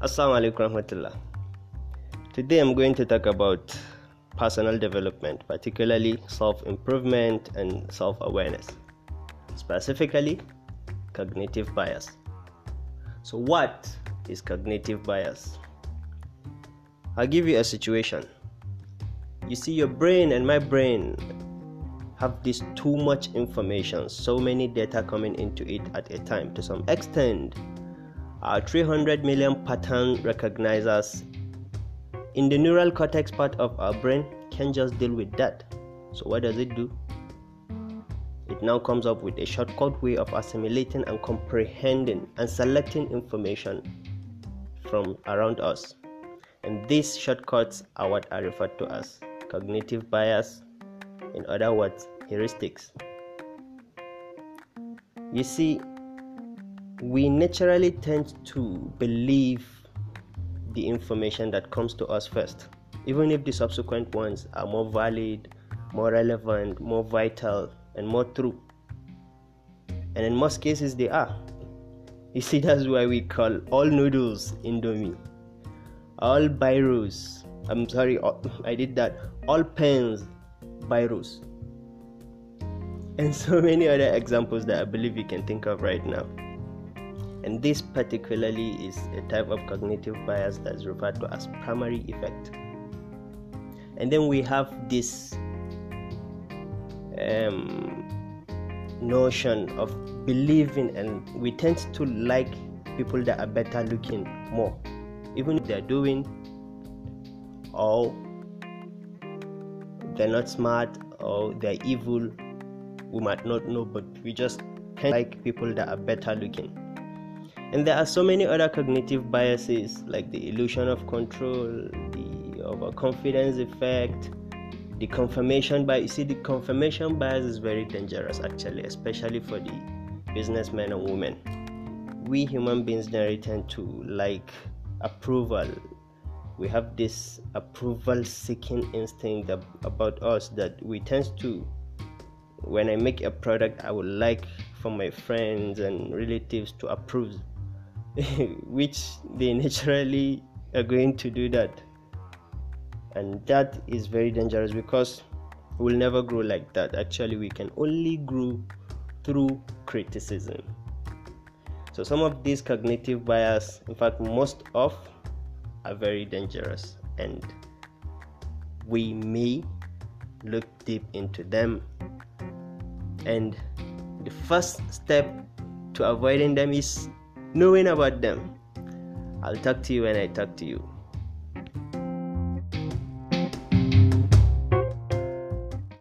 Assalamu alaikum warahmatullah. Today I'm going to talk about personal development, particularly self improvement and self awareness, specifically cognitive bias. So, what is cognitive bias? I'll give you a situation. You see, your brain and my brain have this too much information, so many data coming into it at a time to some extent our 300 million pattern recognizers in the neural cortex part of our brain can just deal with that. So, what does it do? It now comes up with a shortcut way of assimilating and comprehending and selecting information from around us. And these shortcuts are what are referred to as cognitive bias, in other words, heuristics. You see, we naturally tend to believe the information that comes to us first, even if the subsequent ones are more valid, more relevant, more vital, and more true. And in most cases, they are. You see, that's why we call all noodles Indomie, all biros. I'm sorry, I did that. All pens, biros, and so many other examples that I believe you can think of right now and this particularly is a type of cognitive bias that is referred to as primary effect and then we have this um, notion of believing and we tend to like people that are better looking more even if they're doing or they're not smart or they're evil we might not know but we just tend to like people that are better looking and there are so many other cognitive biases like the illusion of control the overconfidence effect the confirmation bias you see the confirmation bias is very dangerous actually especially for the businessmen and women we human beings generally tend to like approval we have this approval seeking instinct about us that we tend to when i make a product i would like for my friends and relatives to approve which they naturally are going to do that and that is very dangerous because we'll never grow like that actually we can only grow through criticism so some of these cognitive bias in fact most of are very dangerous and we may look deep into them and the first step to avoiding them is knowing about them. I'll talk to you when I talk to you.